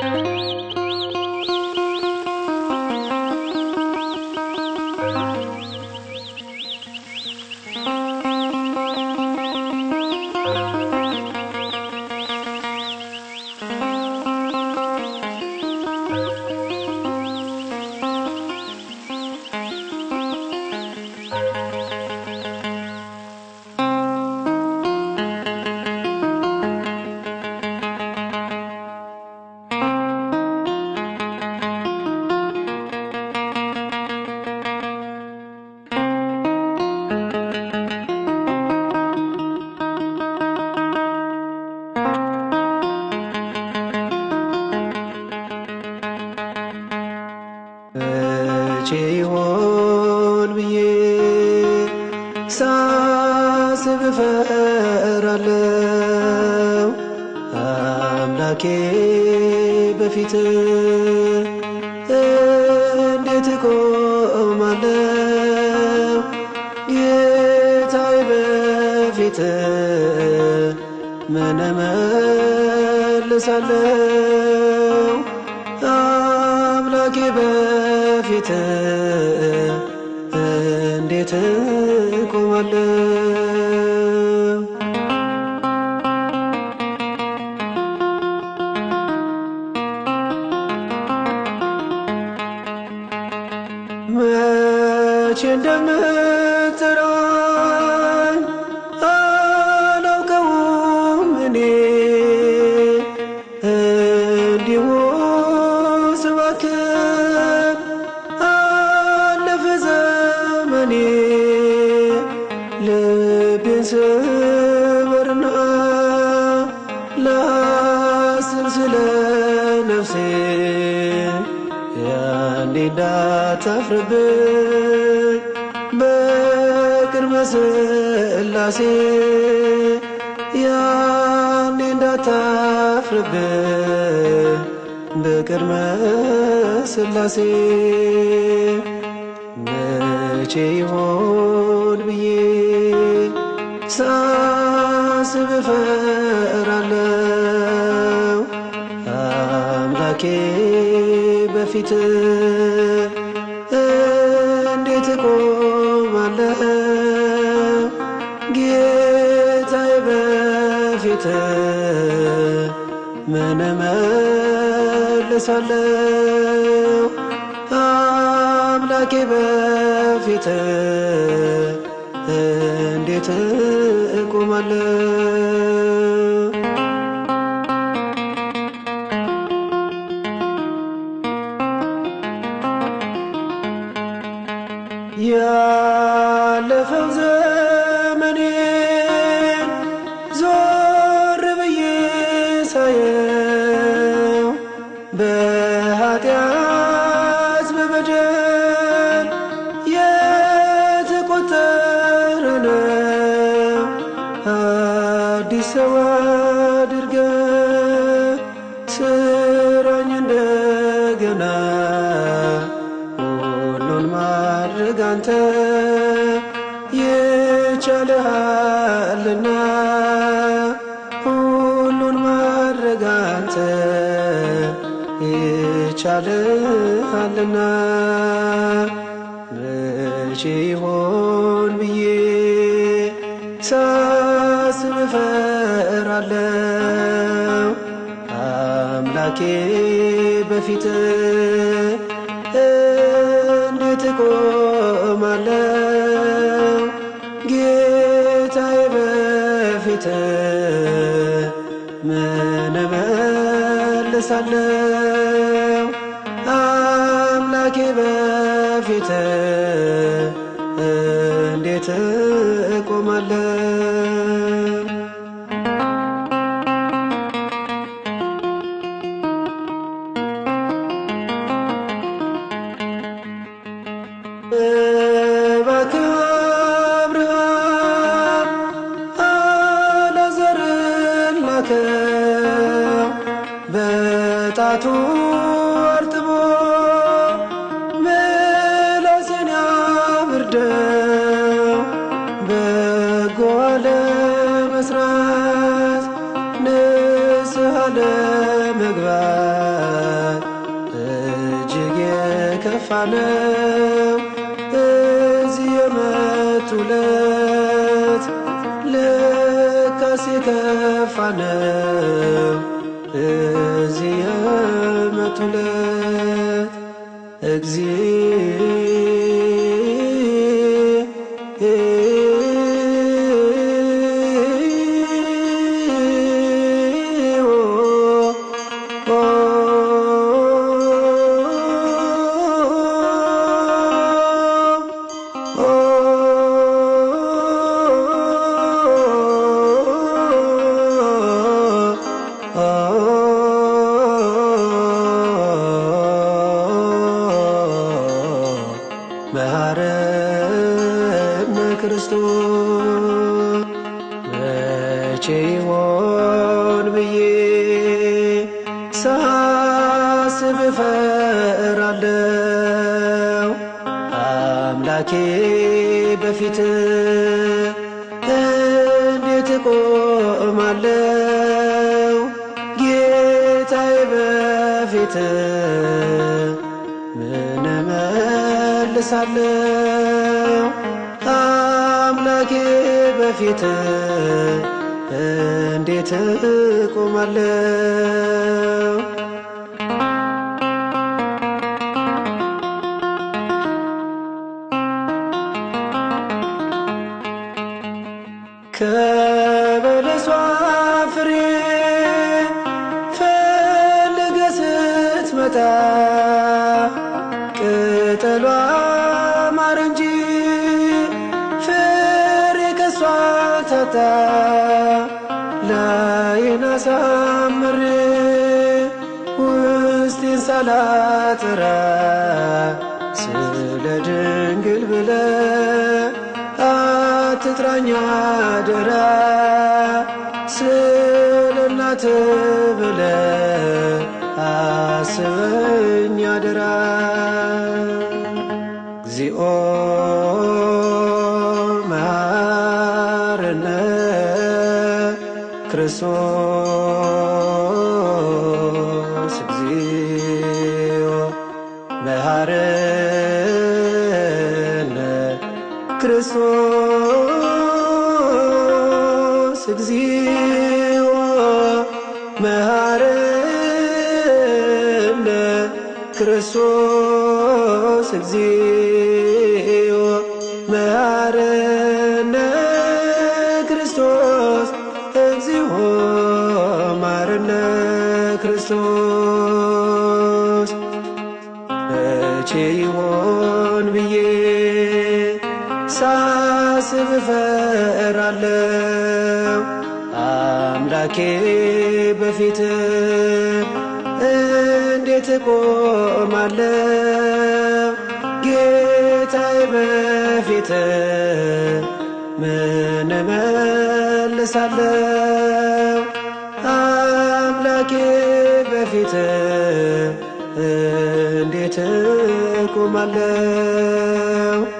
Thank you. ይሆን ብዬ ሳስብ እፈራለሁ። አምላኬ በፊት እንዴት እቆማለሁ? ጌታዬ በፊት ምን እመልሳለሁ? አምላኬ ፊት እንዴት እቆማለሁ? ላስብ ስለ ነፍሴ ያንዴ እንዳታፍርብኝ በቅድመ ሥላሴ ያንዴ እንዳታፍርብኝ በቅድመ ሥላሴ መቼ ይሆን ብዬ ሳስብ ከመላኬ በፊት እንዴት እቆማለሁ ጌታዬ በፊት ምን መልሳለ አምላኬ በፊት እንዴት እቆማለሁ ያለፈው ዘመኔ ዞር ብዬ ሳየው በኃጢአት በበደል የተቆጠረ ነው አዲስ ሰው ይቻላልና መቼ ይሆን ብዬ ሳስብ እፈራለሁ። አምላኬ በፊት እንዴት እቆማለሁ? ጌታዬ በፊት ምን እመልሳለሁ? ከመላኬ በፊት እንዴት እቆማለሁ? ነው እዚህ የመቱለት ልካስ የከፋ ብዬ ሳስብ ፈራለው አምላኬ በፊት እንዴት ቆማለው ጌታዬ በፊት ምን መልሳለው አምላኬ በፊት እንዴት እቆማለሁ? ከበለሷ ፍሬ ፈልገ ስትመጣ ቅጠሏ ተመረጠ ላይን አሳምሬ ውስጤን ሳላጥራ ስለ ድንግል ብለ አትጥራኛ አደራ ስለ እናት ብለ አስበ ክርስቶስ እግዚኦ መሐረነ ክርስቶስ እግዚኦ መሐረነ ክርስቶስ እግዚኦ ክርስቶስ መቼ ይሆን ብዬ ሳስብ እፈራለሁ። አምላኬ በፊት እንዴት እቆማለሁ? ጌታዬ በፊት ምን እመልሳለሁ? እንዴት እቆማለሁ?